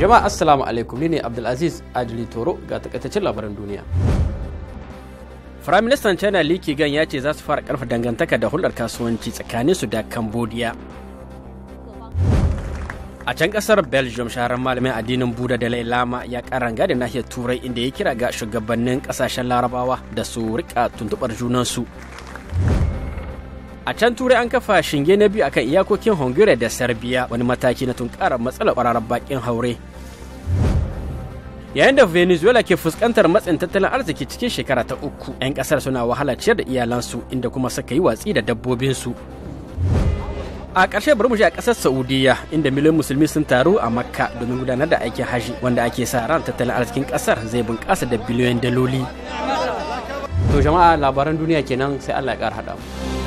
Jama'a Assalamu alaikum ni ne Abdulaziz Adili Toro ga takaitaccen labaran duniya. Firaministan China Li gan ya ce za su fara karfa dangantaka da hulɗar kasuwanci tsakanin su da Cambodia. A can kasar Belgium shaharar malamin addinin Buda da lailama ya karanga da nahiyar Turai inda ya kira ga shugabannin kasashen Larabawa da su rika tuntubar junansu. a can turai an kafa shinge na biyu akan iyakokin hungary da serbia wani mataki na tunkarar matsalar kwararar bakin haure yayin da venezuela ke fuskantar matsin tattalin arziki cikin shekara ta uku 'yan kasar suna wahala ciyar da iyalansu inda kuma suka yi watsi da dabbobinsu a ƙarshe bari mu je a ƙasar saudiya inda miliyan musulmi sun taru a makka domin gudanar da aikin haji wanda ake sa ran tattalin arzikin ƙasar zai bunƙasa da biliyoyin daloli to jama'a labaran duniya kenan sai allah ya ƙara haɗa mu